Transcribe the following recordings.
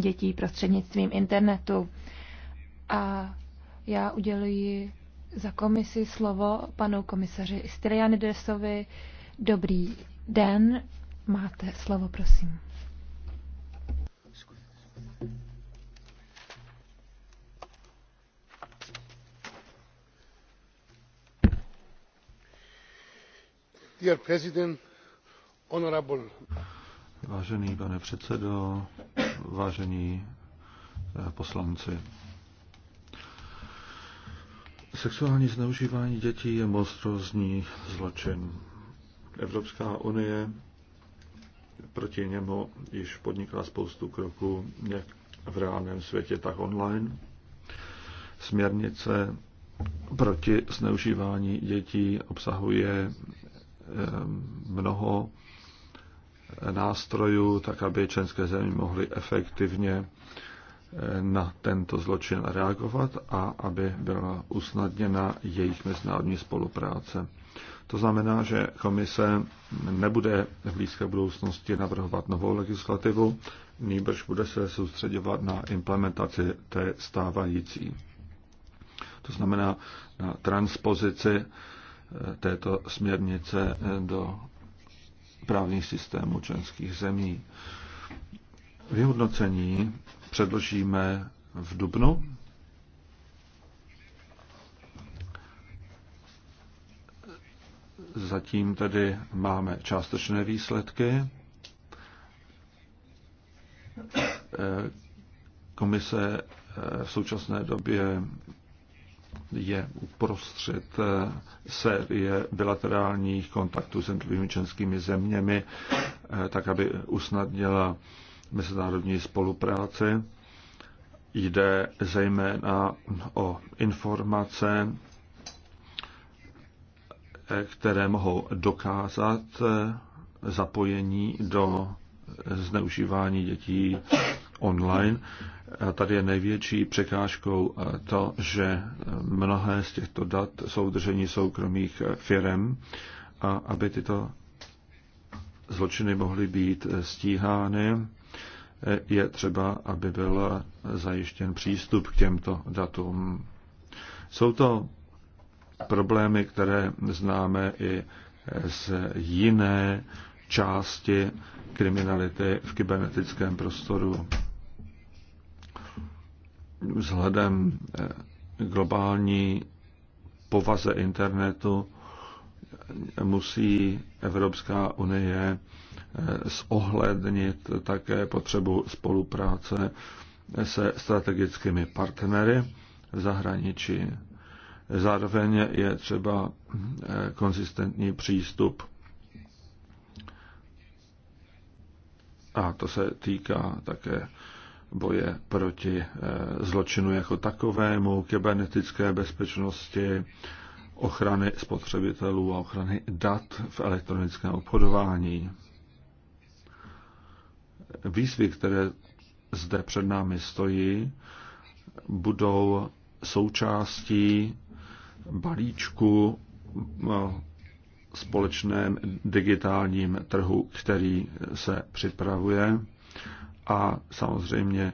dětí prostřednictvím internetu. A já uděluji za komisi slovo panu komisaři Istrianidesovi. Dobrý den, máte slovo, prosím. Dear President, honorable. Vážený pane předsedo, vážení eh, poslanci. Sexuální zneužívání dětí je monstrózní zločin. Evropská unie proti němu již podnikla spoustu kroků, jak v reálném světě, tak online. Směrnice proti zneužívání dětí obsahuje eh, mnoho nástrojů, tak aby členské země mohly efektivně eh, na tento zločin reagovat a aby byla usnadněna jejich mezinárodní spolupráce. To znamená, že komise nebude v blízké budoucnosti navrhovat novou legislativu, nýbrž bude se soustředovat na implementaci té stávající. To znamená na transpozici eh, této směrnice eh, do právní systémů členských zemí. Vyhodnocení předložíme v Dubnu. Zatím tedy máme částečné výsledky. Komise v současné době je uprostřed eh, série bilaterálních kontaktů s jednotlivými členskými zeměmi, eh, tak aby usnadnila mezinárodní spolupráci. Jde zejména o informace, eh, které mohou dokázat zapojení do zneužívání dětí online tady je největší překážkou eh, to, že eh, mnohé z těchto dat jsou v držení soukromých eh, firm a aby tyto zločiny mohly být stíhány, je třeba, aby byl zajištěn přístup k těmto datům. Jsou to problémy, které známe i z jiné části kriminality v kybernetickém prostoru vzhledem eh, globální povaze internetu musí Evropská unie eh, zohlednit také potřebu spolupráce se strategickými partnery v zahraničí. Zároveň je třeba eh, konzistentní přístup a to se týká také boje proti eh, zločinu jako takovému, kybernetické bezpečnosti, ochrany spotřebitelů a ochrany dat v elektronickém obchodování. Výzvy, které zde před námi stojí, budou součástí balíčku eh, společném digitálním trhu, který se připravuje a samozřejmě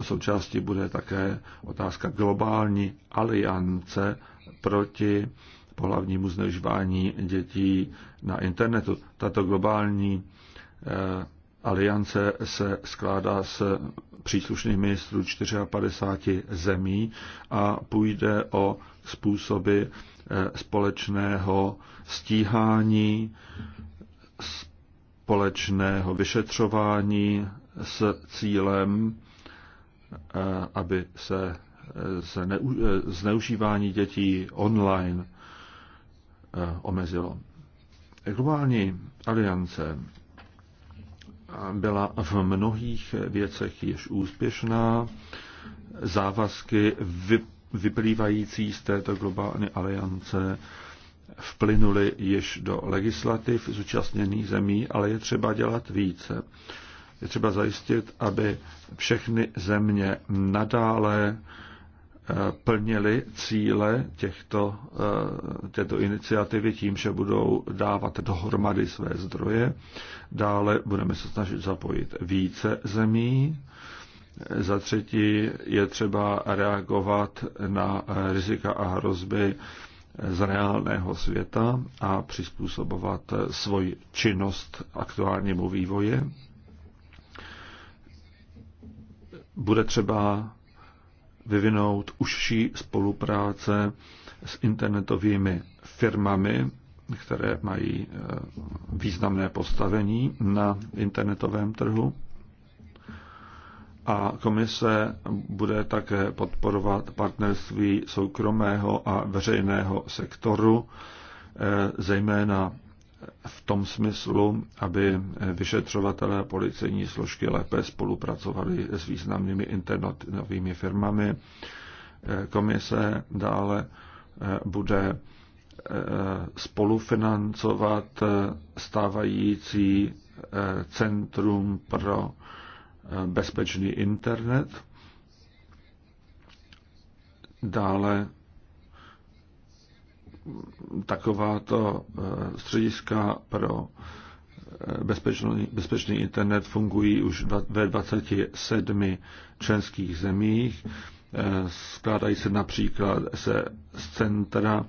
eh, součástí bude také otázka globální aliance proti pohlavnímu zneužívání dětí na internetu. Tato globální eh, aliance se skládá s příslušných ministrů 54 zemí a půjde o způsoby eh, společného stíhání, společného vyšetřování, s cílem, eh, aby se eh, eh, zneužívání dětí online omezilo. Globální aliance byla v mnohých věcech již úspěšná. Závazky vyplývající z této globální aliance vplynuly již do legislativ zúčastněných zemí, ale je třeba dělat více je třeba zajistit, aby všechny země nadále eh, plnili cíle těchto, eh, této iniciativy tím, že budou dávat dohromady své zdroje. Dále budeme se snažit zapojit více zemí. Eh, za třetí je třeba reagovat na rizika a hrozby z reálného světa a přizpůsobovat svoji činnost aktuálnímu vývoji. bude třeba vyvinout užší spolupráce s internetovými firmami, které mají eh, významné postavení na internetovém trhu. A komise bude také podporovat partnerství soukromého a veřejného sektoru, eh, zejména v tom smyslu, aby vyšetřovatelé a policejní složky lépe spolupracovali s významnými internetovými firmami. Komise dále eh, bude eh, spolufinancovat eh, stávající Centrum pro bezpečný internet. Dále takováto eh, střediska pro eh, bezpečný, bezpečný internet fungují už ve 27 členských zemích. Eh, skládají se například se z centra,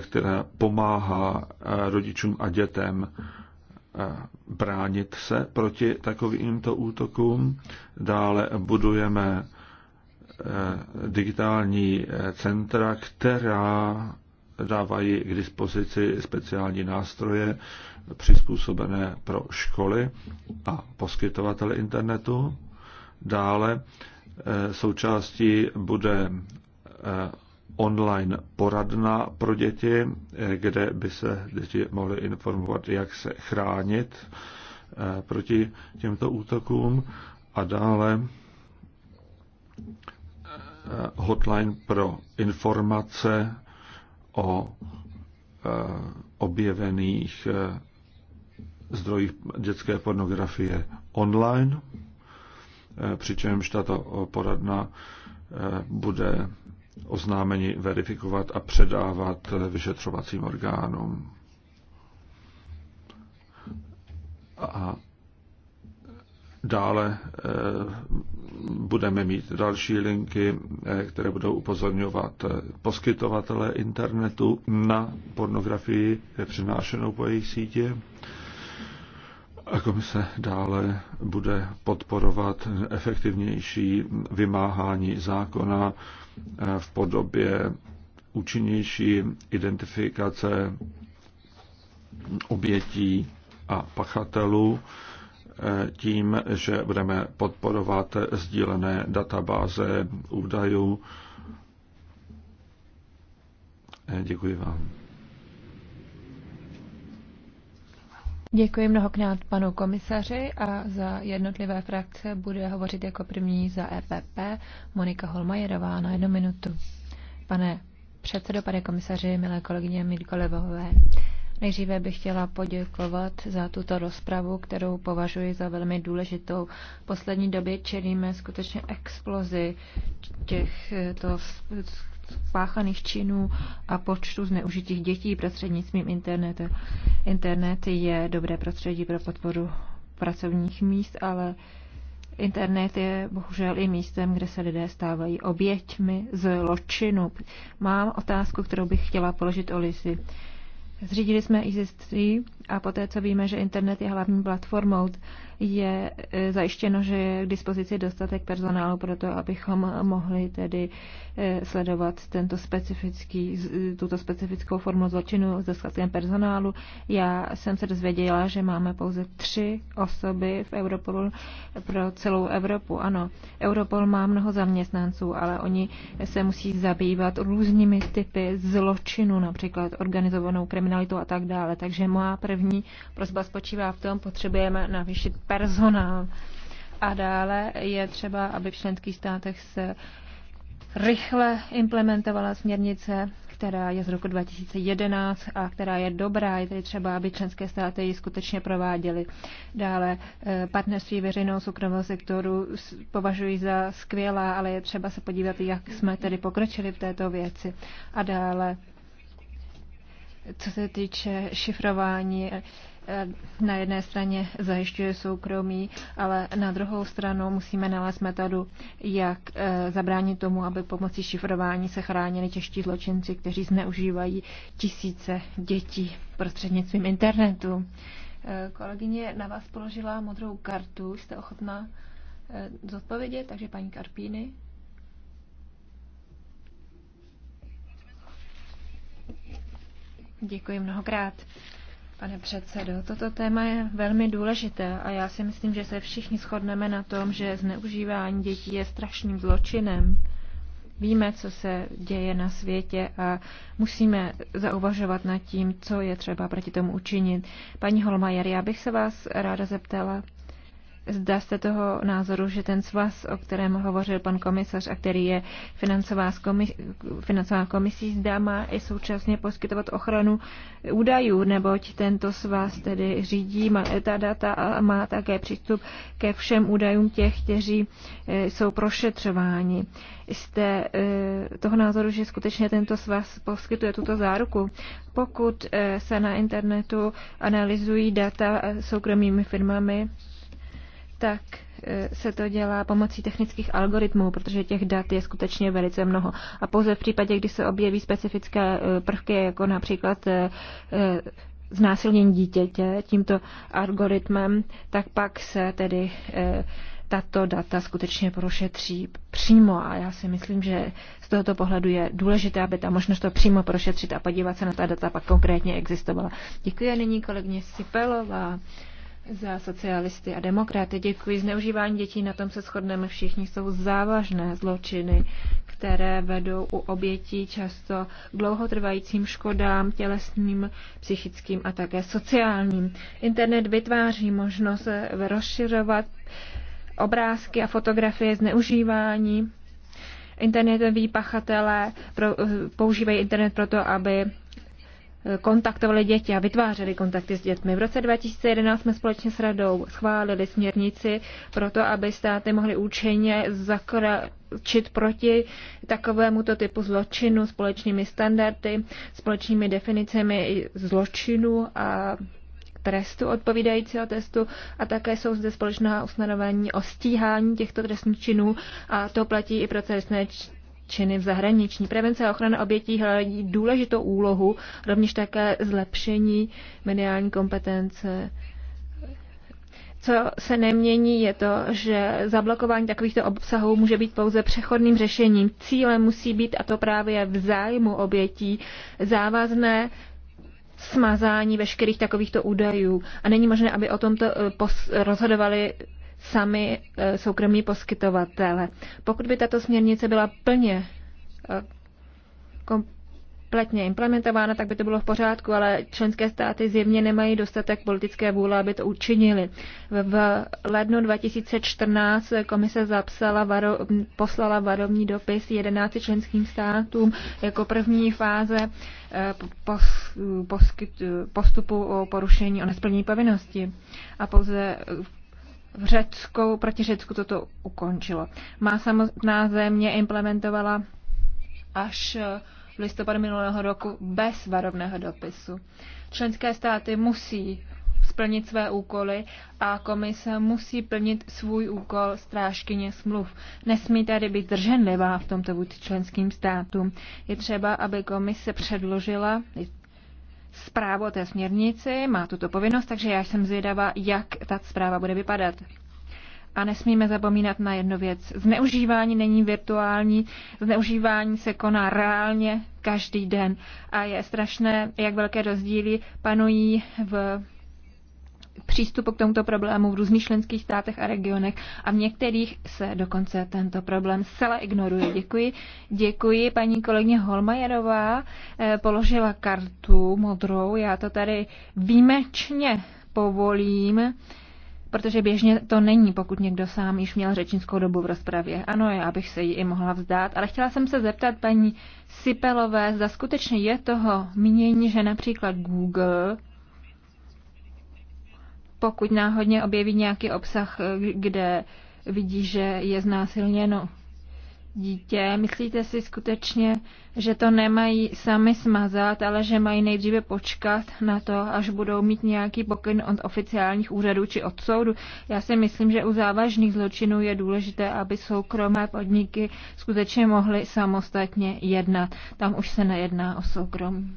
která pomáhá rodičům a dětem bránit se proti takovýmto útokům. Dále budujeme digitální centra, která dávají k dispozici speciální nástroje přizpůsobené pro školy a poskytovatele internetu. Dále eh, součástí bude eh, online poradna pro děti, eh, kde by se děti mohly informovat, jak se chránit proti těmto útokům a dále hotline pro informace o e, objevených e, zdrojích dětské pornografie online, e, přičemž tato poradna bude oznámení verifikovat a předávat vyšetřovacím orgánům. A Dále eh, budeme mít další linky, eh, které budou upozorňovat eh, poskytovatele internetu na pornografii přinášenou po jejich sítě. A komise dále bude podporovat efektivnější vymáhání zákona v podobě účinnější identifikace obětí a pachatelů tím, že budeme podporovat sdílené databáze údajů. Děkuji vám. Děkuji mnohokrát panu komisaři a za jednotlivé frakce bude hovořit jako první za EPP Monika Holmajerová na jednu minutu. Pane předsedo, pane komisaři, milé kolegyně, milí kolegové, Nejdříve bych chtěla poděkovat za tuto rozpravu, kterou považuji za velmi důležitou. V poslední době čelíme skutečně explozi těchto spáchaných činů a počtu zneužitých dětí prostřednictvím internetu. Internet je dobré prostředí pro podporu pracovních míst, ale Internet je bohužel i místem, kde se lidé stávají oběťmi zločinu. Mám otázku, kterou bych chtěla položit Olisi. Zřídili jsme ISIS-3 a poté, co víme, že internet je hlavní platformou je e, zajištěno, že je k dispozici dostatek personálu pro to, abychom mohli tedy e, sledovat tento specifický, e, tuto specifickou formu zločinu s dostatkem personálu. Já jsem se dozvěděla, že máme pouze tři osoby v Europolu pro celou Evropu. Ano, Europol má mnoho zaměstnanců, ale oni se musí zabývat různými typy zločinu, například organizovanou kriminalitu a tak dále. Takže moje první prozba spočívá v tom, potřebujeme navýšit personál. A dále je třeba, aby v členských státech se rychle implementovala směrnice, která je z roku 2011 a která je dobrá. Je tedy třeba, aby členské státy ji skutečně prováděly. Dále eh, partnerství veřejného soukromého sektoru považuji za skvělá, ale je třeba se podívat, jak jsme tedy pokročili v této věci. A dále, co se týče šifrování, eh, na jedné straně zajišťuje soukromí, ale na druhou stranu musíme nalézt metodu, jak eh, zabránit tomu, aby pomocí šifrování se chránili těžší zločinci, kteří zneužívají tisíce dětí prostřednictvím internetu. Eh, kolegyně na vás položila modrou kartu, jste ochotná eh, zodpovědět, takže paní Karpíny. Děkuji mnohokrát. Pane předsedo, toto téma je velmi důležité a já si myslím, že se všichni shodneme na tom, že zneužívání dětí je strašným zločinem. Víme, co se děje na světě a musíme zauvažovat nad tím, co je třeba proti tomu učinit. Paní Holmajer, já bych se vás ráda zeptala, Zda jste toho názoru, že ten svaz, o kterém hovořil pan komisař a který je financován, komisí, zda má i současně poskytovat ochranu údajů, neboť tento svaz tedy řídí, má ta data a má také přístup ke všem údajům těch, kteří e, jsou prošetřováni. Jste e, toho názoru, že skutečně tento svaz poskytuje tuto záruku? Pokud e, se na internetu analyzují data soukromými firmami, tak e, se to dělá pomocí technických algoritmů, protože těch dat je skutečně velice mnoho. A pouze v případě, kdy se objeví specifické e, prvky, jako například e, znásilnění dítěte tímto algoritmem, tak pak se tedy tato data skutečně prošetří přímo a já si myslím, že z tohoto pohledu je důležité, aby ta možnost to přímo prošetřit a podívat se na ta data pak konkrétně existovala. Děkuji a nyní kolegyně Sipelová. Za socialisty a demokraty děkuji. Zneužívání dětí, na tom se shodneme všichni, jsou závažné zločiny, které vedou u obětí často k dlouhotrvajícím škodám tělesným, psychickým a také sociálním. Internet vytváří možnost rozširovat obrázky a fotografie zneužívání. Internetoví pachatelé používají internet proto, aby kontaktovali děti a vytvářeli kontakty s dětmi. V roce 2011 jsme společně s radou schválili směrnici pro to, aby státy mohly účinně zakročit proti takovémuto typu zločinu společnými standardy, společnými definicemi zločinu a trestu odpovídajícího testu a také jsou zde společná ustanovení o stíhání těchto trestných činů a to platí i pro trestné činy v zahraniční. Prevence a ochrana obětí hledí důležitou úlohu, rovněž také zlepšení mediální kompetence. Co se nemění, je to, že zablokování takovýchto obsahů může být pouze přechodným řešením. Cílem musí být, a to právě v zájmu obětí, závazné smazání veškerých takovýchto údajů. A není možné, aby o tomto eh, rozhodovali sami eh, soukromí poskytovatele. Pokud by tato směrnice byla plně eh, kompletně implementována, tak by to bylo v pořádku, ale členské státy zjevně nemají dostatek politické vůle, aby to učinili. V lednu 2014 komise zapsala varo, poslala varovní dopis 11 členským státům jako první fáze eh, postupu o porušení o nesplnění povinnosti. A pouze v Řecku, proti Řecku toto ukončilo. Má samotná země implementovala až v listopadu minulého roku bez varovného dopisu. Členské státy musí splnit své úkoly a komise musí plnit svůj úkol strážkyně smluv. Nesmí tady být drženlivá v tomto vůči členským státům. Je třeba, aby komise předložila, zprávu o té směrnici, má tuto povinnost, takže já jsem zvědavá, jak ta zpráva bude vypadat. A nesmíme zapomínat na jednu věc. Zneužívání není virtuální, zneužívání se koná reálně každý den. A je strašné, jak velké rozdíly panují v přístupu k tomuto problému v různých členských státech a regionech a v některých se dokonce tento problém zcela ignoruje. Děkuji. Děkuji. Paní kolegyně Holmajerová eh, položila kartu modrou. Já to tady výjimečně povolím, protože běžně to není, pokud někdo sám již měl řečnickou dobu v rozpravě. Ano, já bych se jí i mohla vzdát, ale chtěla jsem se zeptat paní Sipelové, zda skutečně je toho mění, že například Google pokud náhodně objeví nějaký obsah, eh, kde vidí, že je znásilněno dítě. Myslíte si skutečně, že to nemají sami smazat, ale že mají nejdříve počkat na to, až budou mít nějaký pokyn od oficiálních úřadů či od soudu? Já si myslím, že u závažných zločinů je důležité, aby soukromé podniky skutečně mohly samostatně jednat. Tam už se nejedná o soukromí.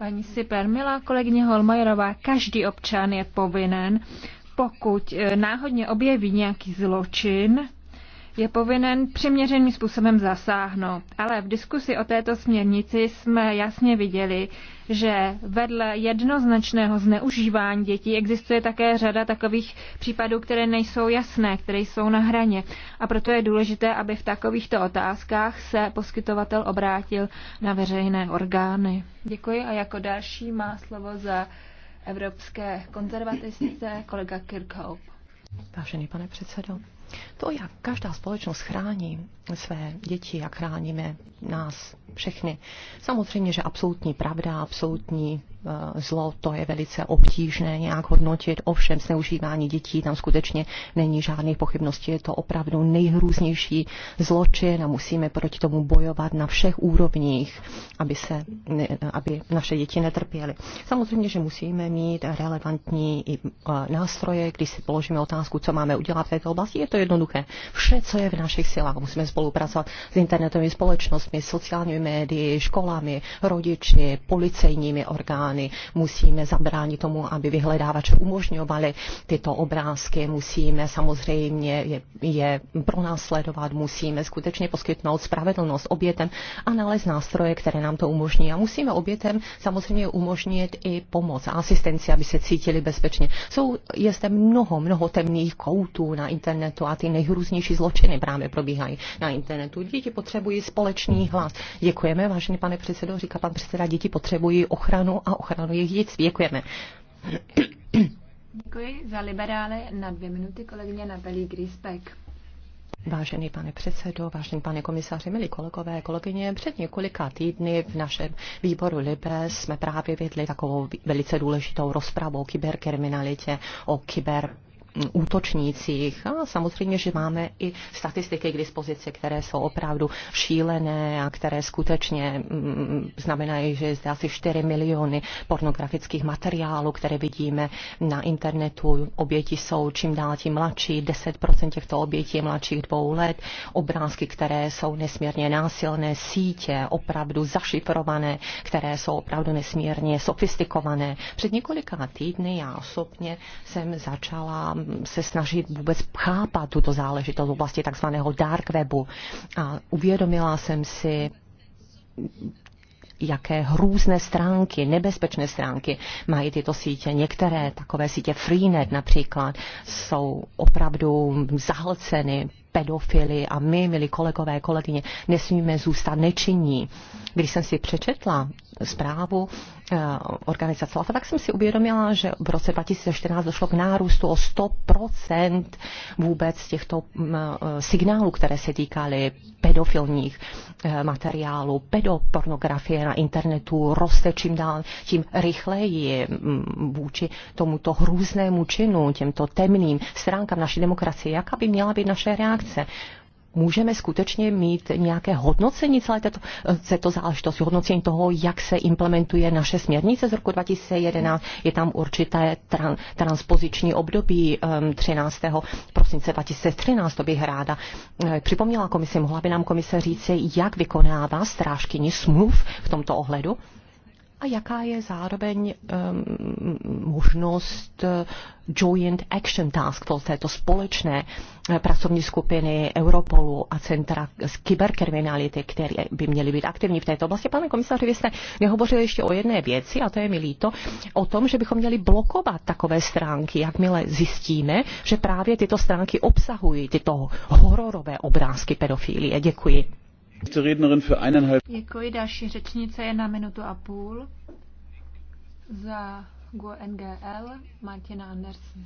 Paní Siper, milá kolegyně Holmajerová, každý občan je povinen, pokud eh, náhodně objeví nějaký zločin, je povinen přiměřeným způsobem zasáhnout. Ale v diskusi o této směrnici jsme jasně viděli, že vedle jednoznačného zneužívání dětí existuje také řada takových případů, které nejsou jasné, které jsou na hraně. A proto je důležité, aby v takovýchto otázkách se poskytovatel obrátil na veřejné orgány. Děkuji a jako další má slovo za evropské konzervatistice kolega Kirkhope. Vážený pane předsedo, to, jak každá společnost chrání své děti, jak chráníme nás všechny. Samozřejmě, že absolutní pravda, absolutní Eh, zlo, to je velice obtížné nějak hodnotit. Ovšem zneužívání dětí tam skutečně není žádných pochybností. Je to opravdu nejhrůznější zločin a musíme proti tomu bojovat na všech úrovních, aby, se, aby naše děti netrpěly. Samozřejmě, že musíme mít relevantní i eh, nástroje, když si položíme otázku, co máme udělat v této oblasti. Je to jednoduché. Vše, co je v našich silách, musíme spolupracovat s internetovými společnostmi, sociálními médii, školami, rodiči, policejními orgány orgány Musíme zabránit tomu, aby vyhledávače umožňovali tyto obrázky. Musíme samozřejmě je, je pronásledovat, musíme skutečně poskytnout spravedlnost obětem a nalézt nástroje, které nám to umožní. A musíme obětem samozřejmě umožnit i pomoc a asistenci, aby se cítili bezpečně. Jsou, je zde mnoho, mnoho temných koutů na internetu a ty nejhrůznější zločiny právě probíhají na internetu. Děti potřebují společný hlas. Děkujeme, vážený pane předsedo, říká pan předseda, děti potřebují ochranu a ochranu jejich dětství. Děkujeme. Děkuji za liberále na dvě minuty kolegyně Natalie Grispek. Vážený pane předsedo, vážený pane komisaři, milí kolegové, kolegyně, před několika týdny v našem výboru Libre jsme právě vědli takovou velice důležitou rozpravu o kyberkriminalitě, o kyber útočnících. A samozřejmě, že máme i statistiky k dispozici, které jsou opravdu šílené a které skutečně mm, znamenají, že je zde asi 4 miliony pornografických materiálů, které vidíme na internetu. Oběti jsou čím dál tím mladší, 10% těchto obětí je mladších dvou let. Obrázky, které jsou nesmírně násilné, sítě opravdu zašifrované, které jsou opravdu nesmírně sofistikované. Před několika týdny já osobně jsem začala se snažit vůbec chápat tuto záležitost v oblasti takzvaného dark webu. A uvědomila jsem si jaké hrůzné stránky, nebezpečné stránky mají tyto sítě. Některé takové sítě Freenet například jsou opravdu zahlceny pedofily a my, milí kolegové, kolegyně, nesmíme zůstat nečinní. Když jsem si přečetla zprávu Eh, organizace. A tak jsem si uvědomila, že v roce 2014 došlo k nárůstu o 100% vůbec těchto mm, eh, signálů, které se týkaly pedofilních eh, materiálů, pedopornografie na internetu roste čím dál, tím rychleji mm, vůči tomuto hrůznému činu, těmto temným stránkám naší demokracie. Jaká by měla být naše reakce? můžeme skutečně mít nějaké hodnocení celé této, této záležitosti, hodnocení toho, jak se implementuje naše směrnice z roku 2011. Je tam určité tran, transpoziční období 13. Ehm, prosince 2013, to bych ráda eh, připomněla komisi. Mohla by nám komise říci, jak vykonává strážkyni smluv v tomto ohledu? a jaká je zároveň um, možnost eh, Joint Action Task Force této společné eh, pracovní skupiny Europolu a Centra z kyberkriminality, které by měly být aktivní v této oblasti. Pane komisaři, vy jste nehovořili ještě o jedné věci, a to je mi líto, o tom, že bychom měli blokovat takové stránky, jakmile zjistíme, že právě tyto stránky obsahují tyto hororové obrázky pedofilie. Děkuji. Děkuji, další řečnice je na minutu a půl za GUNGL e Martina Andersen.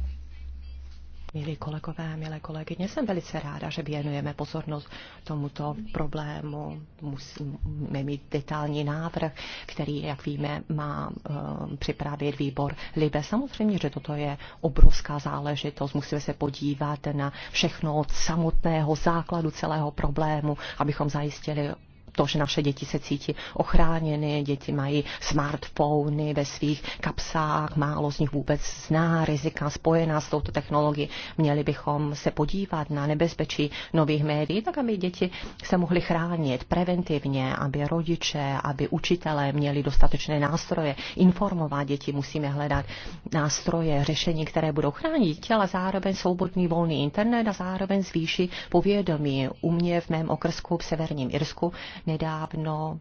Milí kolegové, milé kolegyně, jsem velice ráda, že věnujeme pozornost tomuto problému. Musíme mít detailní návrh, který, jak víme, má um, připravit výbor Libe. Samozřejmě, že toto je obrovská záležitost. Musíme se podívat na všechno od samotného základu celého problému, abychom zajistili to, že naše děti se cítí ochráněny, děti mají smartfony ve svých kapsách, málo z nich vůbec zná rizika spojená s touto technologií. Měli bychom se podívat na nebezpečí nových médií, tak aby děti se mohly chránit preventivně, aby rodiče, aby učitelé měli dostatečné nástroje, informovat děti, musíme hledat nástroje, řešení, které budou chránit děti, ale zároveň svobodný volný internet a zároveň zvýší povědomí. U mě v mém okrsku v Severním Irsku nedávno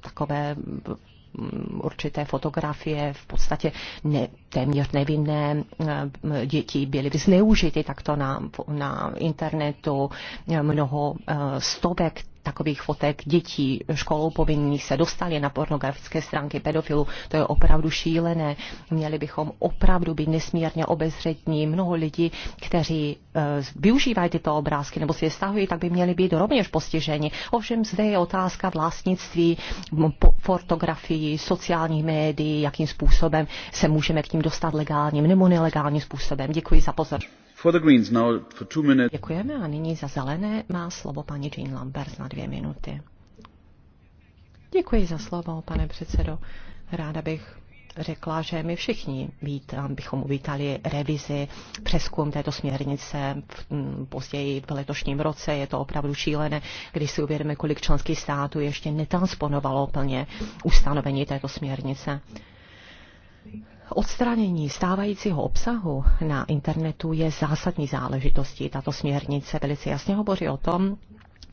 takové určité fotografie v podstatě ne, téměř nevinné děti byly zneužity takto na, na internetu. Mnoho e, stovek takových fotek dětí školou povinných se dostali na pornografické stránky pedofilů. To je opravdu šílené. Měli bychom opravdu být nesmírně obezřetní. Mnoho lidí, kteří e, využívají tyto obrázky nebo si je stahují, tak by měli být rovněž postiženi. Ovšem zde je otázka vlastnictví, fotografii, sociálních médií, jakým způsobem se můžeme k tím dostat legálním nebo nelegálním způsobem. Děkuji za pozornost. Děkujeme a nyní za zelené má slovo paní Jean Lambert na dvě minuty. Děkuji za slovo, pane předsedo. Ráda bych řekla, že my všichni být, bychom uvítali revizi, přeskum této směrnice v, mm, později v letošním roce. Je to opravdu šílené, když si uvědomíme, kolik členských států ještě netransponovalo plně ustanovení této směrnice. Odstranění stávajícího obsahu na internetu je zásadní záležitostí. Tato směrnice velice jasně hovoří o tom,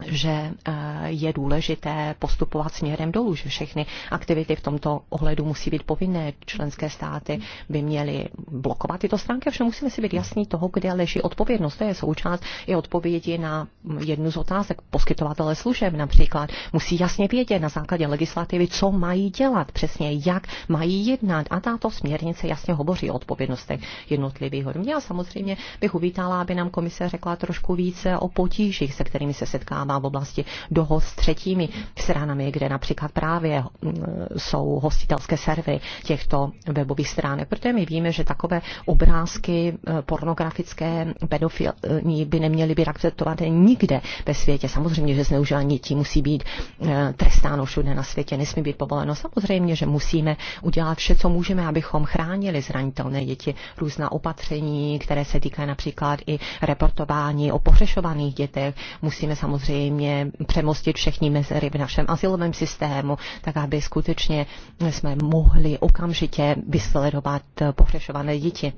že eh, je důležité postupovat směrem dolů, že všechny aktivity v tomto ohledu musí být povinné. Členské státy by měly blokovat tyto stránky, všem musíme si být jasní toho, kde leží odpovědnost. To je součást i odpovědi na jednu z otázek. Poskytovatele služeb například musí jasně vědět na základě legislativy, co mají dělat, přesně jak mají jednat. A tato směrnice jasně hovoří o odpovědnostech jednotlivých hodně. A samozřejmě bych uvítala, aby nám komise řekla trošku více o potížích, se kterými se setkáme vyjednává v oblasti dohod s třetími stranami, kde například právě mm, jsou hostitelské servery těchto webových stránek, protože my víme, že takové obrázky e, pornografické, pedofilní by neměly být akceptované nikde ve světě. Samozřejmě, že zneužívání dětí musí být e, trestáno všude na světě, nesmí být povoleno. Samozřejmě, že musíme udělat vše, co můžeme, abychom chránili zranitelné děti. Různá opatření, které se týkají například i reportování o pohřešovaných dětech, musíme samozřejmě samozřejmě přemostit všechny mezery v našem asilovém systému, tak aby skutečně jsme mohli okamžitě vysledovat pohřešované děti.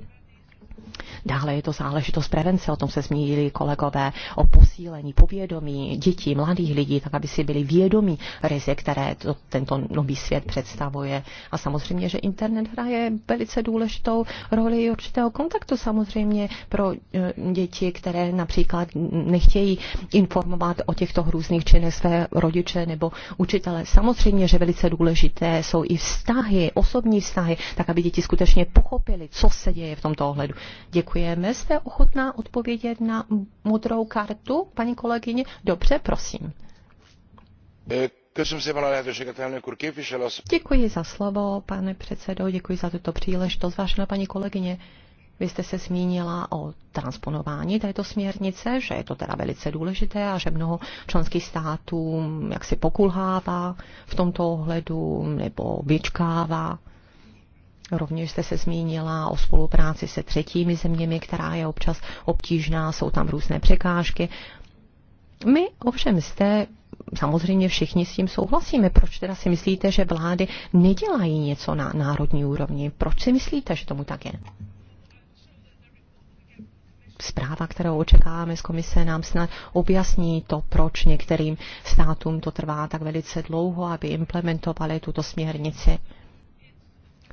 Dále je to záležitost prevence, o tom se zmínili kolegové, o posílení povědomí dětí, mladých lidí, tak aby si byli vědomí rizik, které to, tento nový svět představuje. A samozřejmě, že internet hraje velice důležitou roli určitého kontaktu samozřejmě pro e, děti, které například nechtějí informovat o těchto hrůzných činech své rodiče nebo učitele. Samozřejmě, že velice důležité jsou i vztahy, osobní vztahy, tak aby děti skutečně pochopili, co se děje v tomto ohledu. Děkuji. Děkujeme. Jste ochotná odpovědět na modrou kartu, paní kolegyně? Dobře, prosím. Děkuji za slovo, pane předsedo, děkuji za tuto příležitost, vážená paní kolegyně. Vy jste se zmínila o transponování této směrnice, že je to teda velice důležité a že mnoho členských států jak si pokulhává v tomto ohledu nebo vyčkává Rovněž jste se zmínila o spolupráci se třetími zeměmi, která je občas obtížná, jsou tam různé překážky. My ovšem jste samozřejmě všichni s tím souhlasíme. Proč teda si myslíte, že vlády nedělají něco na národní úrovni? Proč si myslíte, že tomu tak je? Zpráva, kterou očekáváme z komise, nám snad objasní to, proč některým státům to trvá tak velice dlouho, aby implementovali tuto směrnici.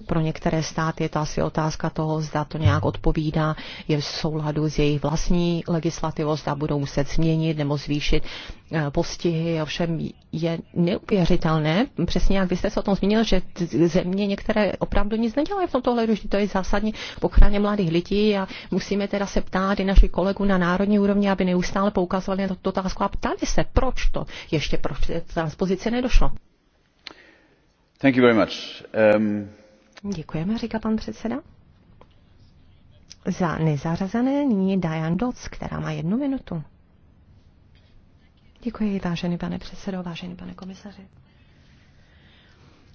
Pro některé státy je to asi otázka toho, zda to nějak odpovídá, je v souladu s jejich vlastní legislativou, zda budou muset změnit nebo zvýšit eh, postihy. Ovšem je neuvěřitelné, přesně jak vy jste se o tom zmínil, že země některé opravdu nic nedělají v tomto hledu, že to je zásadní v ochraně mladých lidí a musíme teda se ptát i našich kolegů na národní úrovni, aby neustále poukazovali na tuto otázku a ptali se, proč to ještě, proč transpozice nedošlo. Thank you very much. Um... Děkujeme, říká pan předseda. Za nezařazené nyní Diane Doc, která má jednu minutu. Děkuji, vážený pane předsedo, vážený pane komisaři.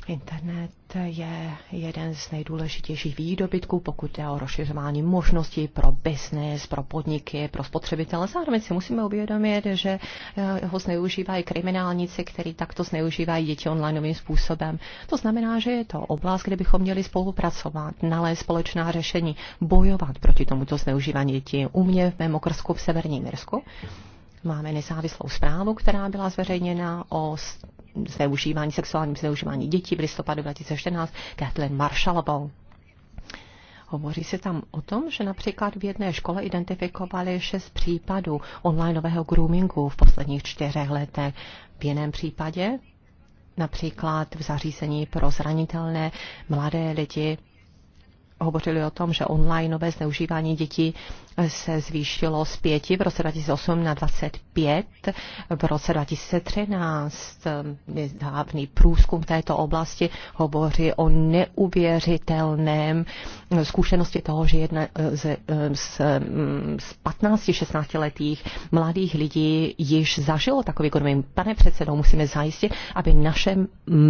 Internet je jeden z nejdůležitějších výdobytků, pokud je o rozšiřování možností pro biznes, pro podniky, pro spotřebitele. Zároveň si musíme uvědomit, že eh, ho zneužívají kriminálníci, kteří takto zneužívají děti onlineovým způsobem. To znamená, že je to oblast, kde bychom měli spolupracovat, nalézt společná řešení, bojovat proti tomuto zneužívání dětí. U mě v mém okrsku v Severním Mirsku máme nezávislou zprávu, která byla zveřejněna o zneužívání, sexuálním zneužívání dětí v listopadu 2014 Kathleen Marshallová. Hovoří se tam o tom, že například v jedné škole identifikovali šest případů onlineového groomingu v posledních čtyřech letech. V jiném případě, například v zařízení pro zranitelné mladé lidi, hovořili o tom, že onlineové zneužívání dětí se zvýšilo z 5 v roce 2008 na 25 v roce 2013. Dávný průzkum v této oblasti hovoří o neuvěřitelném zkušenosti toho, že jedna z, z, z 15-16 letých mladých lidí již zažilo takový ekonomii. Pane předsedo, musíme zajistit, aby naše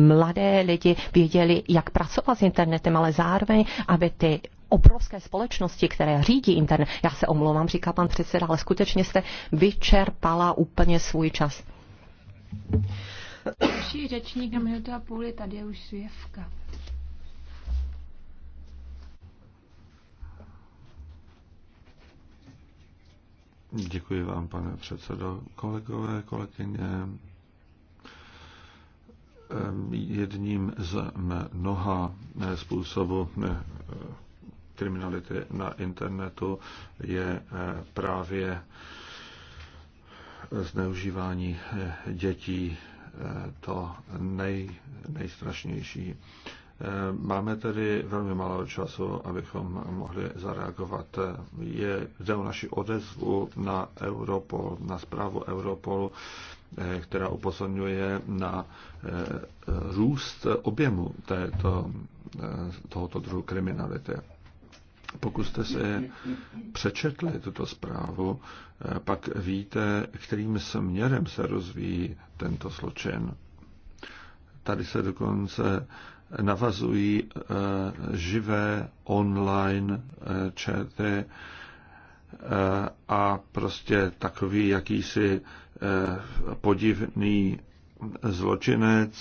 mladé lidi věděli, jak pracovat s internetem, ale zároveň, aby ty obrovské společnosti, které řídí internet. Já se omlouvám, říká pan předseda, ale skutečně jste vyčerpala úplně svůj čas. Další řečník na minutu a půl je tady už Svěvka. Děkuji vám, pane předsedo. Kolegové, kolegyně, jedním z mnoha eh, způsobů eh, kriminality na internetu je eh, právě eh, zneužívání eh, dětí to nej, nejstrašnější. Máme tedy velmi málo času, abychom mohli zareagovat. Je zde naši odezvu na Europol, na zprávu Europolu, která upozorňuje na růst objemu této, tohoto druhu kriminality. Pokud jste si přečetli tuto zprávu, eh, pak víte, kterým směrem se rozvíjí tento zločin. Tady se dokonce navazují eh, živé online eh, čety a prostě takový jakýsi podivný zločinec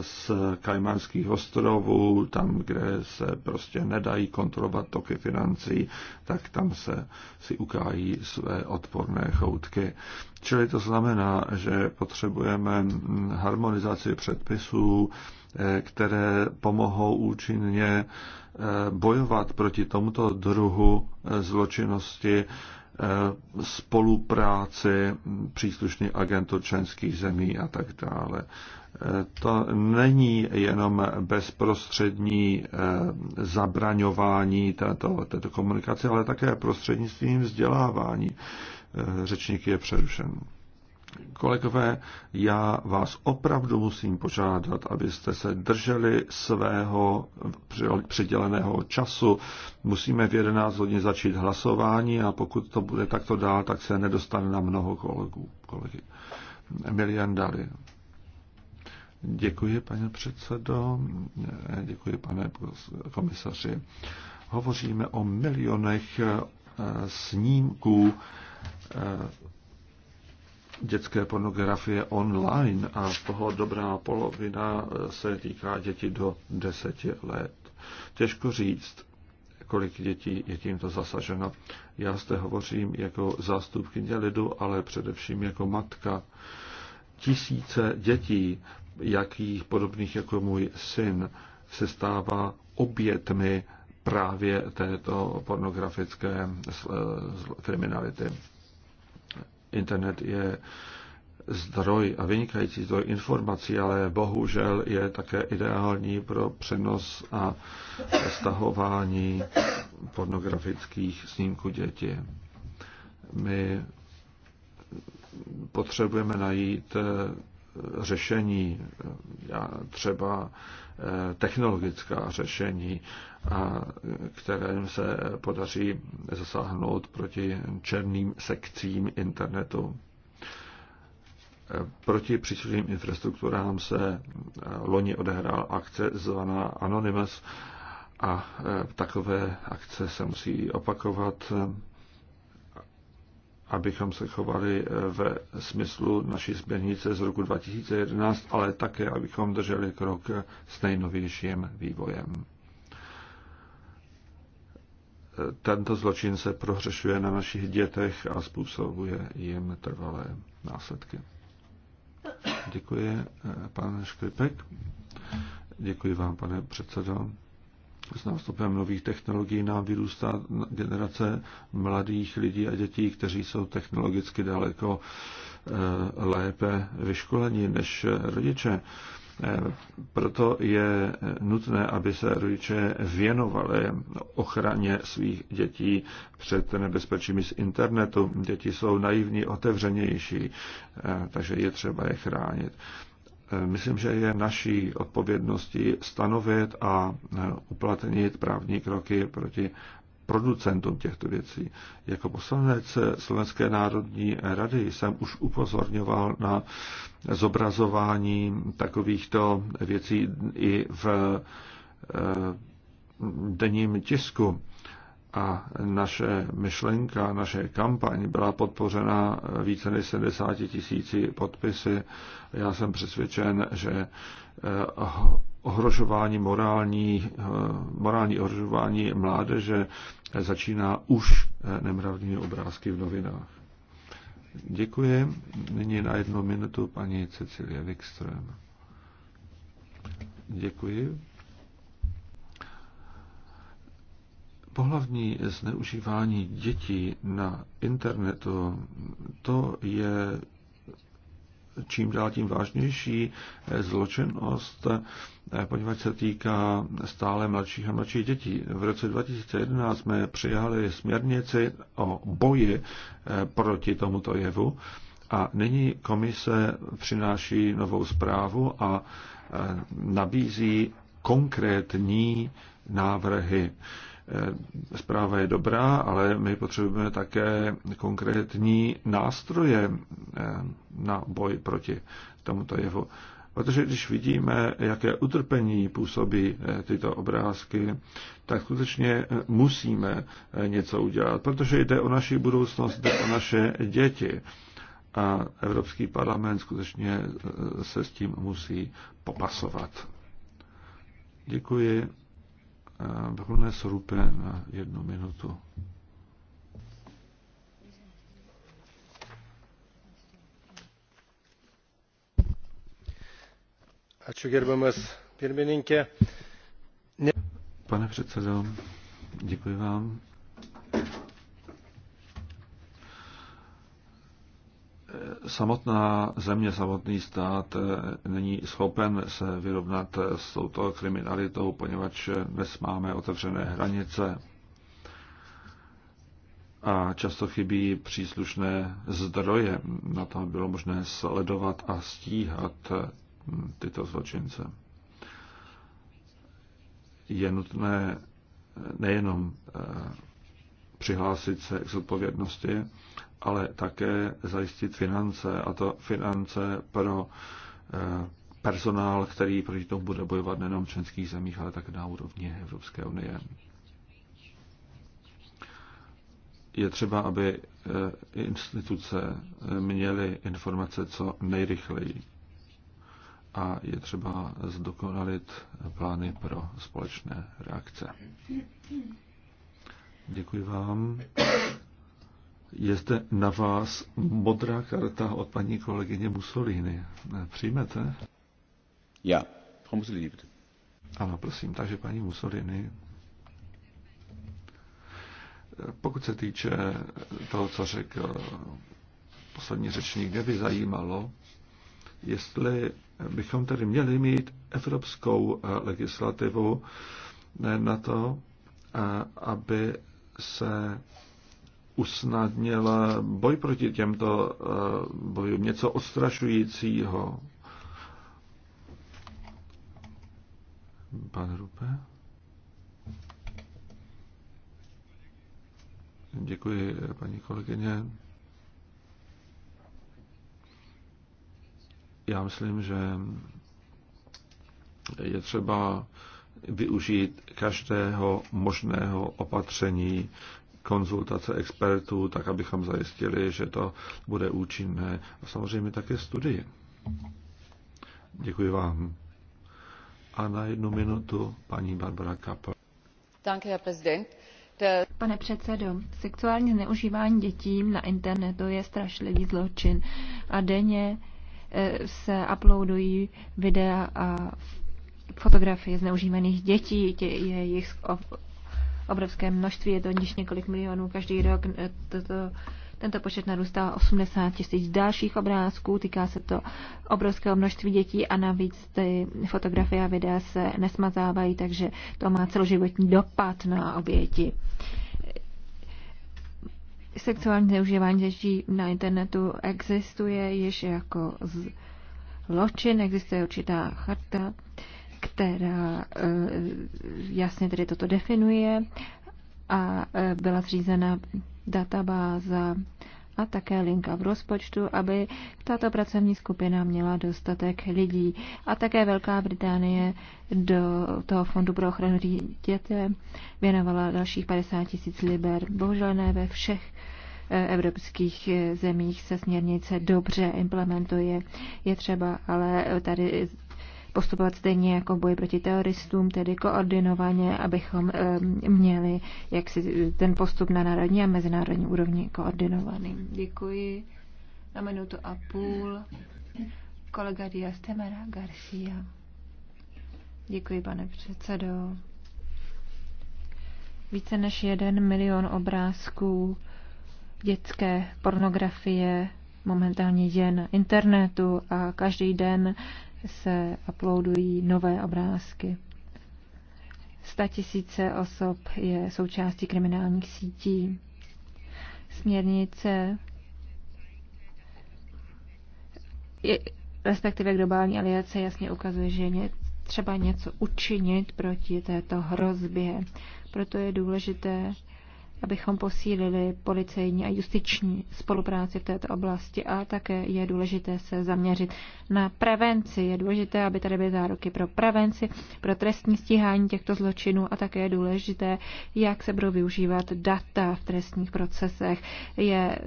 z Kajmanských ostrovů, tam, kde se prostě nedají kontrolovat toky financí, tak tam se si ukájí své odporné choutky. Čili to znamená, že potřebujeme harmonizaci předpisů, které pomohou účinně eh, bojovat proti tomuto druhu eh, zločinnosti, Eh, spolupráci příslušných agentů členských zemí a tak dále. Eh, to není jenom bezprostřední eh, zabraňování této, této komunikace, ale také prostřednictvím vzdělávání. Řečník je přerušen. Kolegové, já vás opravdu musím požádat, abyste se drželi svého přiděleného času. Musíme v 11 hodin začít hlasování a pokud to bude takto dál, tak se nedostane na mnoho kolegů. Kolegy. Emilian Dali. Děkuji, pane předsedo. Děkuji, pane komisaři. Hovoříme o milionech eh, snímků eh, dětské pornografie online a z toho dobrá polovina eh, se týká dětí do deseti let. Těžko říct, kolik dětí je tímto zasaženo. Já zde hovořím jako zástupkyně lidu, ale především jako matka. Tisíce dětí, jakých podobných jako můj syn, se stává obětmi právě této pornografické eh, kriminality. Internet je zdroj a vynikající zdroj informací, ale bohužel je také ideální pro přenos a stahování pornografických snímků dětí. My potřebujeme najít eh, řešení. Já třeba Eh, technologická řešení, a kterým se podaří zasáhnout proti černým sekcím internetu. Eh, proti příslušným infrastrukturám se eh, loni odehrál akce zvaná Anonymous a takové akce se musí opakovat abychom se chovali eh, ve smyslu naší směrnice z roku 2011, ale také, abychom drželi krok eh, s nejnovějším vývojem. Eh, tento zločin se prohřešuje na našich dětech a způsobuje jim trvalé následky. Děkuji, pane Škripek. Děkuji vám, pane předsedo s nástupem nových technologií nám vyrůstá generace mladých lidí a dětí, kteří jsou technologicky daleko eh, lépe vyškoleni než rodiče. Eh, proto je nutné, aby se rodiče věnovali ochraně svých dětí před nebezpečími z internetu. Děti jsou naivní, otevřenější, eh, takže je třeba je chránit. Myslím, že je naší odpovědností stanovit a e, uplatnit právní kroky proti producentům těchto věcí. Jako poslanec Slovenské národní rady jsem už upozorňoval na zobrazování takovýchto věcí i v e, denním tisku a naše myšlenka, naše kampaň byla podpořena více než 70 tisíci podpisy. Já jsem přesvědčen, že eh, ohrožování morální, eh, morální ohrožování mládeže začíná už eh, nemravnými obrázky v novinách. Děkuji. Nyní na jednu minutu paní Cecilie Wikström. Děkuji, Pohlavní zneužívání dětí na internetu, to je čím dál tím vážnější zločinnost, poněvadž se týká stále mladších a mladších dětí. V roce 2011 jsme přijali směrnici o boji eh, proti tomuto jevu a nyní komise přináší novou zprávu a eh, nabízí konkrétní návrhy. Eh, zpráva je dobrá, ale my potřebujeme také konkrétní nástroje eh, na boj proti tomuto jevu. Protože když vidíme, jaké utrpení působí eh, tyto obrázky, tak skutečně musíme něco udělat, protože jde o naši budoucnost, jde o naše děti. A Evropský parlament skutečně se s tím musí popasovat. Děkuji. Baroness eh, Rupe na jednu minutu. Ačiū gerbiamas pirmininkė. Ne... Pane předsedo, děkuji vám. samotná země, samotný stát eh, není schopen se vyrovnat s touto kriminalitou, poněvadž dnes máme otevřené hranice a často chybí příslušné zdroje na to, aby bylo možné sledovat a stíhat hm, tyto zločince. Je nutné eh, nejenom eh, přihlásit se k zodpovědnosti, ale také zajistit finance, a to finance pro eh, personál, který proti tomu bude bojovat nejenom v členských zemích, ale také na úrovni Evropské unie. Je třeba, aby eh, instituce eh, měly informace co nejrychleji a je třeba zdokonalit plány pro společné reakce. Děkuji vám. Je zde na vás modrá karta od paní kolegyně Mussolini. Přijmete? Já. Frau Mussolini, bitte. Ano, prosím, takže paní Mussolini. Pokud se týče toho, co řekl poslední řečník, mě by zajímalo, jestli bychom tedy měli mít evropskou eh, legislativu eh, na to, eh, aby se usnadnila boj proti těmto eh, bojům, něco ostrašujícího. Pan Rupe? Děkuji, paní kolegyně. Já myslím, že je třeba využít každého možného opatření, konzultace expertů, tak abychom zajistili, že to bude účinné a samozřejmě také studii. Děkuji vám. A na jednu minutu paní Barbara Kapel. Pane předsedo, sexuální zneužívání dětí na internetu je strašlivý zločin a denně eh, se uploadují videa a fotografie zneužívaných dětí, jejich obrovské množství, je to niž několik milionů každý rok. Toto, tento počet narůstá 80 tisíc dalších obrázků, týká se to obrovského množství dětí a navíc ty fotografie a videa se nesmazávají, takže to má celoživotní dopad na oběti sexuální zneužívání dětí na internetu existuje již jako zločin, existuje určitá charta která eh, jasně tedy toto definuje a eh, byla zřízena databáza a také linka v rozpočtu, aby tato pracovní skupina měla dostatek lidí. A také Velká Británie do toho fondu pro ochranu dítěte věnovala dalších 50 tisíc liber. Bohužel ne ve všech eh, evropských zemích se směrnice dobře implementuje. Je třeba ale tady postupovat stejně jako v boji proti teroristům, tedy koordinovaně, abychom měli jak si ten postup na národní a mezinárodní úrovni koordinovaný. Děkuji. Na minutu a půl kolega Díaz Temera Garcia. Děkuji, pane předsedo. Více než jeden milion obrázků dětské pornografie momentálně je na internetu a každý den se uploadují nové obrázky. Sta tisíce osob je součástí kriminálních sítí. Směrnice je, respektive globální aliance jasně ukazuje, že je třeba něco učinit proti této hrozbě. Proto je důležité abychom posílili policejní a justiční spolupráci v této oblasti a také je důležité se zaměřit na prevenci. Je důležité, aby tady byly záruky pro prevenci, pro trestní stíhání těchto zločinů a také je důležité, jak se budou využívat data v trestních procesech. Je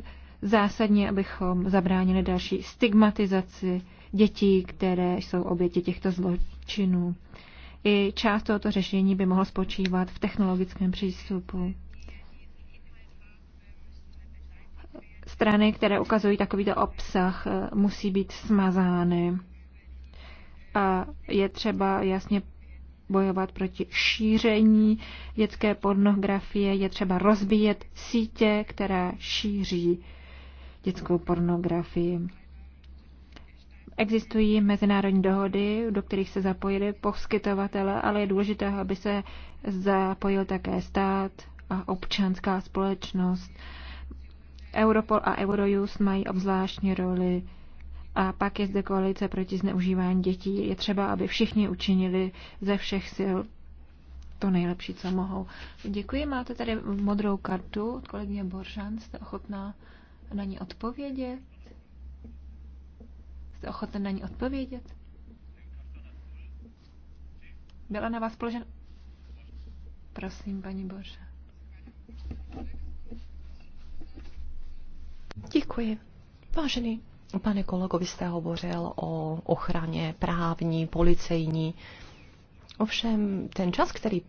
zásadní, abychom zabránili další stigmatizaci dětí, které jsou oběti těchto zločinů. I část tohoto řešení by mohlo spočívat v technologickém přístupu. strany, které ukazují takovýto obsah, eh, musí být smazány. A je třeba jasně bojovat proti šíření dětské pornografie, je třeba rozbíjet sítě, která šíří dětskou pornografii. Existují mezinárodní dohody, do kterých se zapojili poskytovatele, ale je důležité, aby se zapojil také stát a občanská společnost. Europol a Eurojust mají obzvláštní roli. A pak je zde koalice proti zneužívání dětí. Je třeba, aby všichni učinili ze všech sil to nejlepší, co mohou. Děkuji, máte tady modrou kartu od kolegyně Boržan. Jste ochotná na ní odpovědět? Jste ochotná na ní odpovědět? Byla na vás položena... Prosím, paní Boržan. Děkuji. Vážený pane kolego, vy jste hovořil o ochraně právní, policejní. Ovšem, ten čas, který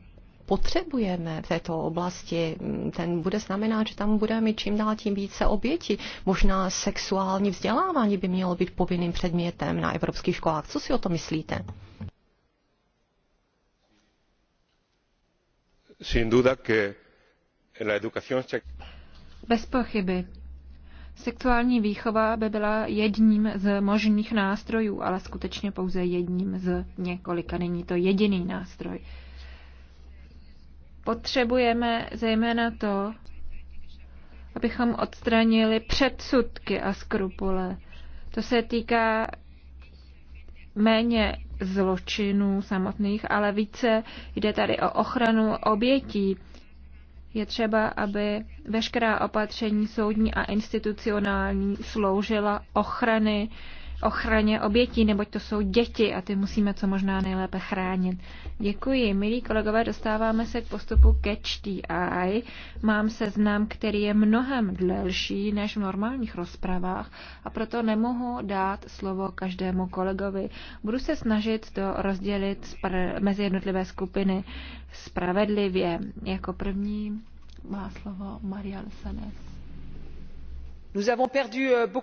potřebujeme v této oblasti, ten bude znamenat, že tam budeme mít čím dál tím více oběti. Možná sexuální vzdělávání by mělo být povinným předmětem na evropských školách. Co si o to myslíte? Sin duda que la educación... Bez pochyby Sexuální výchova by byla jedním z možných nástrojů, ale skutečně pouze jedním z několika. Není to jediný nástroj. Potřebujeme zejména to, abychom odstranili předsudky a skrupule. To se týká méně zločinů samotných, ale více jde tady o ochranu obětí je třeba, aby veškerá opatření soudní a institucionální sloužila ochrany ochraně obětí, neboť to jsou děti a ty musíme co možná nejlépe chránit. Děkuji. Milí kolegové, dostáváme se k postupu Catch the Eye. Mám seznam, který je mnohem delší než v normálních rozpravách a proto nemohu dát slovo každému kolegovi. Budu se snažit to rozdělit mezi jednotlivé skupiny spravedlivě. Jako první má slovo Marian Sanes. Euh,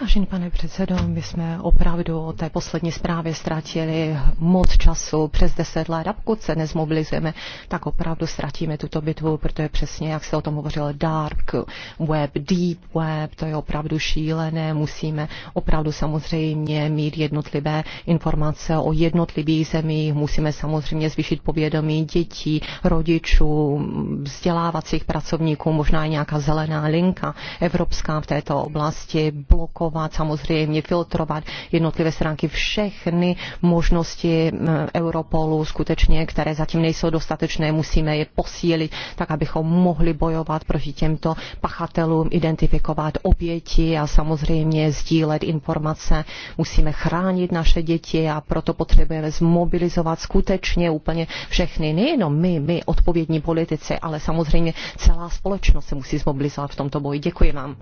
Vážený pane předsedo, my jsme opravdu od té poslední zprávy ztratili moc času, přes deset let. A pokud se nezmobilizujeme, tak opravdu ztratíme tuto bitvu, protože přesně, jak jste o tom hovořil, dark web, deep web, to je opravdu šílené. Musíme opravdu samozřejmě mít jednotlivé informace o jednotlivých zemích, musíme samozřejmě zvýšit povědomí dětí, rodičů, vzdělávacích pracovníků, možná i nějaká zelená linka evropská v této oblasti, blokovat, samozřejmě filtrovat jednotlivé stránky, všechny možnosti eh, Europolu, skutečně, které zatím nejsou dostatečné, musíme je posílit, tak abychom mohli bojovat proti těmto pachatelům, identifikovat oběti a samozřejmě sdílet informace. Musíme chránit naše děti a proto potřebujeme zmobilizovat skutečně úplně všechny, nejenom my, my odpovědní politici, ale samozřejmě celá společnost se musí zmobilizovat v tomto boji. Děkuji vám.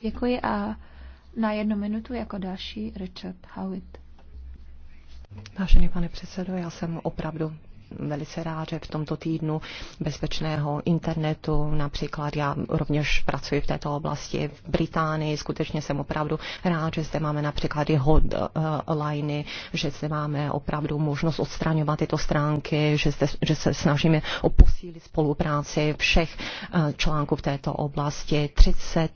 Děkuji a na jednu minutu jako další Richard Howitt. Vážený pane předsedo, já jsem opravdu velice rád, že v tomto týdnu bezpečného internetu, například já rovněž pracuji v této oblasti v Británii, skutečně jsem opravdu rád, že zde máme například i hotline, že zde máme opravdu možnost odstraňovat tyto stránky, že, zde, že se snažíme o posílit spolupráci všech eh, článků v této oblasti. 30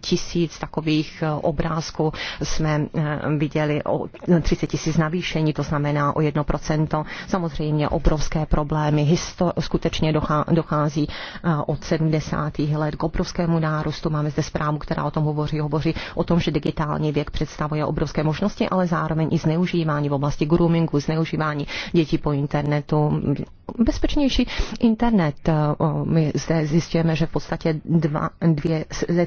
tisíc takových eh, obrázků jsme eh, viděli o 30 tisíc navýšení, to znamená o 1%. Samozřejmě obrovské problémy, Histo- skutečně dochází eh, od 70. let k obrovskému nárůstu. Máme zde zprávu, která o tom hovoří, hovoří o tom, že digitální věk představuje obrovské možnosti, ale zároveň i zneužívání v oblasti groomingu, zneužívání dětí po internetu, bezpečnější internet. My zde zjistíme, že v podstatě dva, dvě ze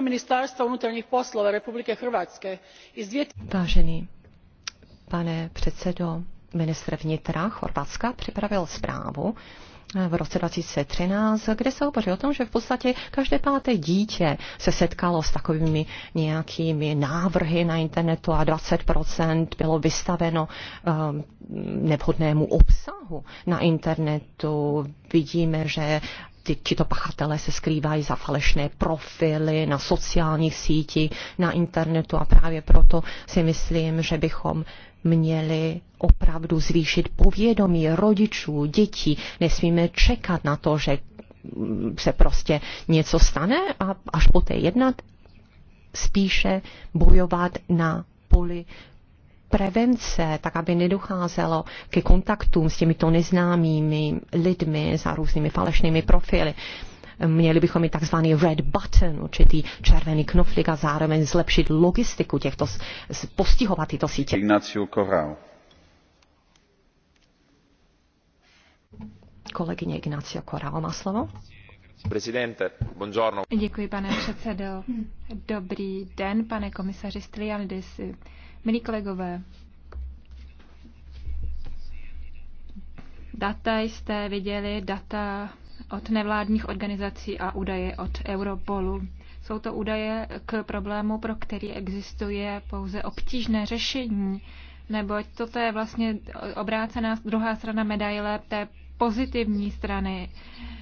ministerstva vnitřních poslova republiky hrvatske Vážený pane předsedo, ministr vnitra Chorvatska připravil zprávu eh, v roce 2013, kde se hovoří o tom, že v podstatě každé páté dítě se setkalo s takovými nějakými návrhy na internetu a 20% bylo vystaveno um, nevhodnému obsahu na internetu. Vidíme, že ty, tito pachatelé se skrývají za falešné profily na sociálních sítích, na internetu a právě proto si myslím, že bychom měli opravdu zvýšit povědomí rodičů, dětí. Nesmíme čekat na to, že se prostě něco stane a až poté jednat, spíše bojovat na poli prevence, tak aby nedocházelo ke kontaktům s těmito neznámými lidmi za různými falešnými profily. Měli bychom i takzvaný red button, určitý červený knoflík a zároveň zlepšit logistiku těchto, postihovat tyto sítě. Ignacio Corral. Kolegyně Ignacio Corral má slovo. Děkuji, pane předsedo. Dobrý den, pane komisaři Stylianidis. Milí kolegové, data jste viděli, data od nevládních organizací a údaje od Europolu. Jsou to údaje k problému, pro který existuje pouze obtížné řešení, neboť toto je vlastně obrácená druhá strana medaile té pozitivní strany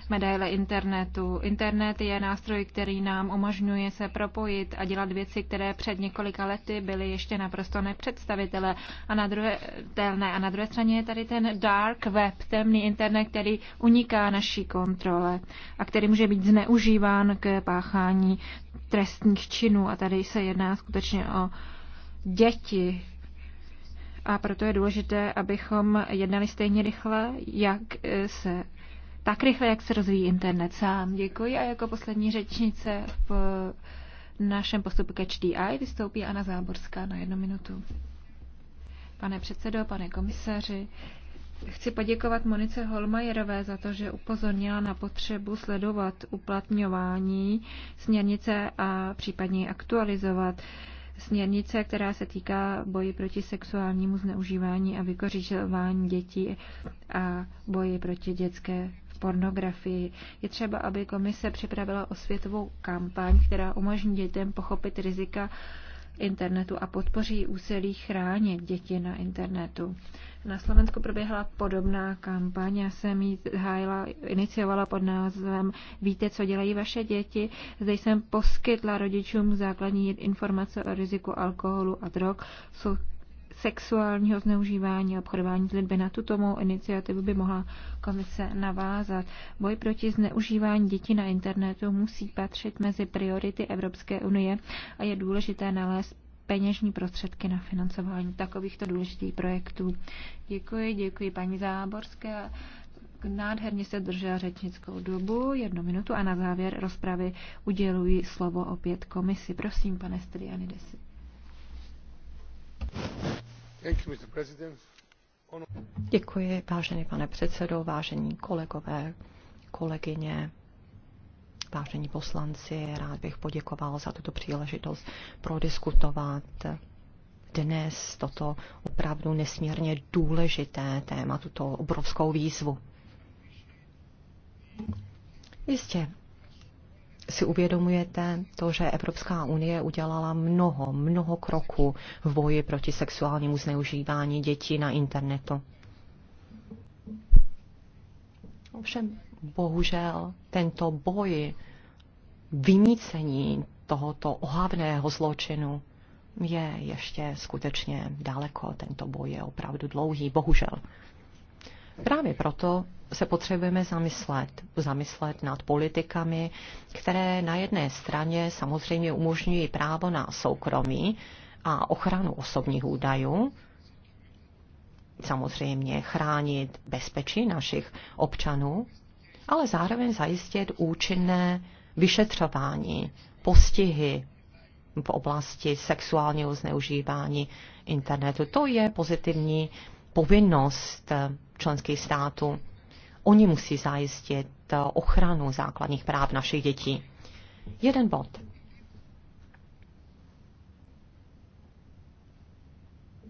medaile internetu. Internet je nástroj, který nám umožňuje se propojit a dělat věci, které před několika lety byly ještě naprosto nepředstavitelné. A na druhé, telné. A na druhé straně je tady ten dark web, temný internet, který uniká naší kontrole a který může být zneužíván k páchání trestních činů. A tady se jedná skutečně o děti, a proto je důležité, abychom jednali stejně rychle, jak eh, se tak rychle, jak se rozvíjí internet sám. Děkuji a jako poslední řečnice v našem postupu ke HDI vystoupí Anna Záborská na jednu minutu. Pane předsedo, pane komisaři, Chci poděkovat Monice Holmajerové za to, že upozornila na potřebu sledovat uplatňování směrnice a případně ji aktualizovat směrnice, která se týká boji proti sexuálnímu zneužívání a vykořišťování dětí a boji proti dětské pornografii. Je třeba, aby komise připravila osvětovou kampaň, která umožní dětem pochopit rizika internetu a podpoří úsilí chránit děti na internetu. Na Slovensku proběhla podobná kampaň. Já jsem ji hájila, iniciovala pod názvem Víte, co dělají vaše děti. Zde jsem poskytla rodičům základní informace o riziku alkoholu a drog. Jsou sexuálního zneužívání a obchodování s lidmi. Na tuto mou iniciativu by mohla komise navázat. Boj proti zneužívání dětí na internetu musí patřit mezi priority Evropské unie a je důležité nalézt peněžní prostředky na financování takovýchto důležitých projektů. Děkuji, děkuji paní Záborské. Nádherně se držela řečnickou dobu, jednu minutu a na závěr rozpravy uděluji slovo opět komisi. Prosím, pane Stylianidesi. Děkuji, vážený pane předsedo, vážení kolegové, kolegyně, vážení poslanci, rád bych poděkoval za tuto příležitost prodiskutovat dnes toto opravdu nesmírně důležité téma, tuto obrovskou výzvu. Jistě si uvědomujete to, že Evropská unie udělala mnoho, mnoho kroků v boji proti sexuálnímu zneužívání dětí na internetu. Ovšem, bohužel tento boj vymícení tohoto ohavného zločinu je ještě skutečně daleko. Tento boj je opravdu dlouhý, bohužel. Právě proto se potřebujeme zamyslet. Zamyslet nad politikami, které na jedné straně samozřejmě umožňují právo na soukromí a ochranu osobních údajů, samozřejmě chránit bezpečí našich občanů ale zároveň zajistit účinné vyšetřování, postihy v oblasti sexuálního zneužívání internetu. To je pozitivní povinnost členských států. Oni musí zajistit ochranu základních práv našich dětí. Jeden bod.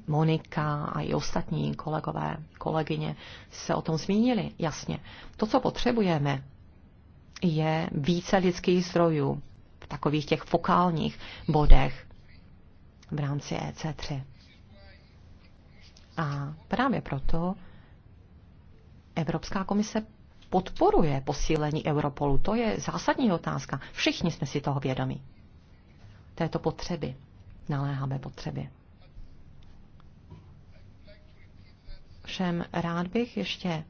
Monika a i ostatní kolegové, kolegyně se o tom zmínili, jasně. To, co potřebujeme, je více lidských zdrojů v takových těch fokálních bodech v rámci EC3. A právě proto Evropská komise podporuje posílení Europolu. To je zásadní otázka. Všichni jsme si toho vědomi. Této potřeby. Naléhavé potřeby. Všem rád bych ještě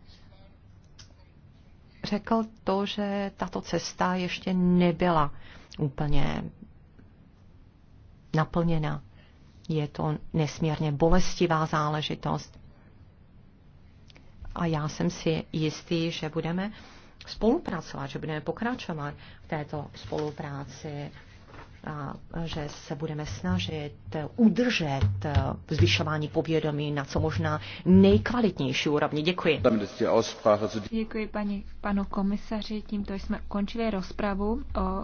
řekl to, že tato cesta ještě nebyla úplně naplněna. Je to nesmírně bolestivá záležitost. A já jsem si jistý, že budeme spolupracovat, že budeme pokračovat v této spolupráci a že se budeme snažit udržet eh, zvyšování povědomí na co možná nejkvalitnější úrovni. Děkuji. Děkuji paní, panu komisaři. Tímto jsme ukončili rozpravu o